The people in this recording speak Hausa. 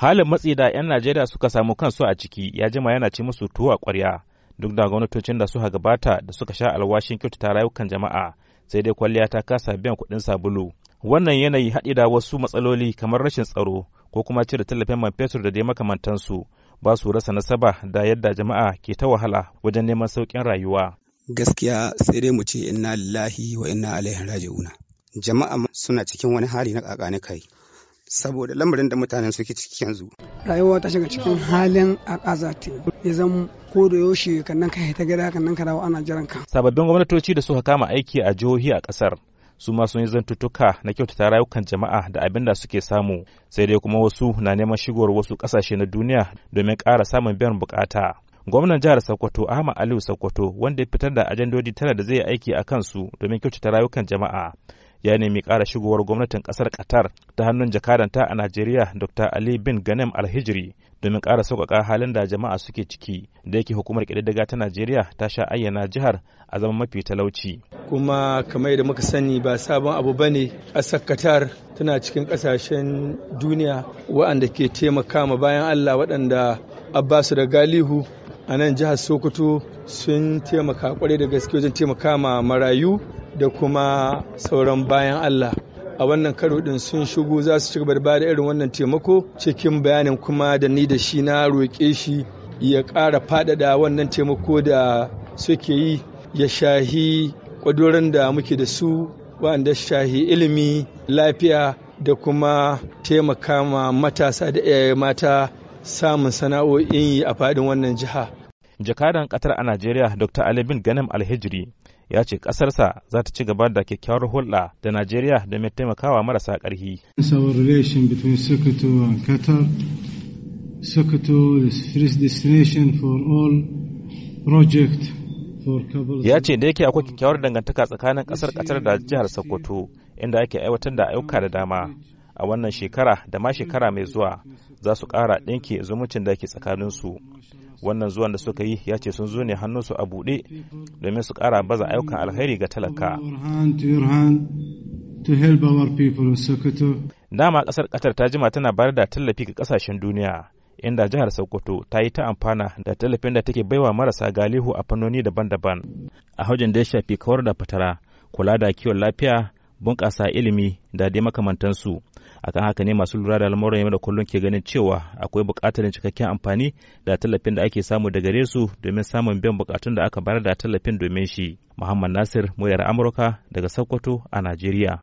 halin matsi da 'yan najeriya suka samu kansu a ciki ya jima yana ci musu tuwa kwarya duk da gwamnatocin da suka gabata da suka sha alwashin kyautata rayukan jama'a sai dai kwalliya ta kasa biyan kuɗin sabulu wannan yanayi haɗi da wasu matsaloli kamar rashin tsaro ko kuma cire tallafin man fetur da dai makamantansu ba su rasa nasaba da yadda jama'a ke ta wahala wajen neman sauƙin rayuwa gaskiya sai dai mu ce inna lillahi wa inna ilaihi raji'una jama'a suna cikin wani hali na kakani kai saboda lamarin da mutanen suke ciki yanzu. Rayuwa ta shiga cikin halin a akazati ya zama ko da yaushe nan ka ta gida nan ka dawo ana jiran Sababbin gwamnatoci da suka kama aiki a jihohi a kasar su ma sun yi zantutuka na kyautata rayukan jama'a da abin da suke samu sai dai kuma wasu na neman shigowar wasu kasashe na duniya domin ƙara samun biyan bukata. gwamnan jihar sokoto ahmad aliyu sokoto wanda ya fitar da ajandodi tara da zai aiki a kansu domin kyautata rayukan jama'a ya nemi ƙara shigowar gwamnatin ƙasar qatar ta hannun jakadanta a najeriya dr ali bin ganem alhijri domin ƙara sauƙaƙa halin da jama'a suke ciki da yake hukumar ƙididdiga ta najeriya ta sha ayyana jihar a zaman mafi talauci kuma kamar yadda muka sani ba sabon abu ba ne ƙasar qatar tana cikin ƙasashen duniya waɗanda ke taimaka ma bayan allah waɗanda abbasu da galihu a nan jihar sokoto sun taimaka kwarai da gaske wajen taimaka ma marayu da kuma sauran bayan Allah a wannan karo din sun shigo za su ci gaba da bada irin wannan taimako cikin bayanin kuma da ni da shi na roƙe shi ya ƙara faɗaɗa wannan taimako da suke yi ya shahi ƙwadoron da muke da su wanda shahi ilimi lafiya da kuma taimaka ma matasa da iyaye mata samun sana'o'in yi a faɗin wannan jiha. Jakadan ƙatar a Najeriya Dr. Alibin Ganem Alhijri ya ce ƙasarsa za ta ci gaba da kyakkyawar hulɗa da Najeriya da mai taimakawa marasa ƙarfi. ya ce da yake akwai kyakkyawar dangantaka tsakanin ƙasar katar da jihar sokoto inda ake aiwatar da ayyuka da dama a wannan shekara da ma mm. shekara mai zuwa za su ƙara ɗinke zumuncin da ke tsakaninsu wannan zuwan da suka yi ya ce sun zo ne hannunsu a buɗe domin su kara baza ayyukan alheri ga talaka dama ƙasar ƙatar ta jima tana bayar da tallafi ga ƙasashen duniya inda jihar Sokoto ta yi ta amfana da tallafin da take baiwa marasa galihu a fannoni daban-daban. A hujin da ya shafi kawar da fatara, kula da kiwon lafiya, bunƙasa ilimi da dai makamantansu. akan haka ne masu lura da al'amuran yau da kullum ke ganin cewa akwai buƙatar cikakken amfani da tallafin da ake samu daga gare su domin samun biyan bukatun da aka bayar da tallafin domin shi muhammad nasir muryar amurka daga sokoto a najeriya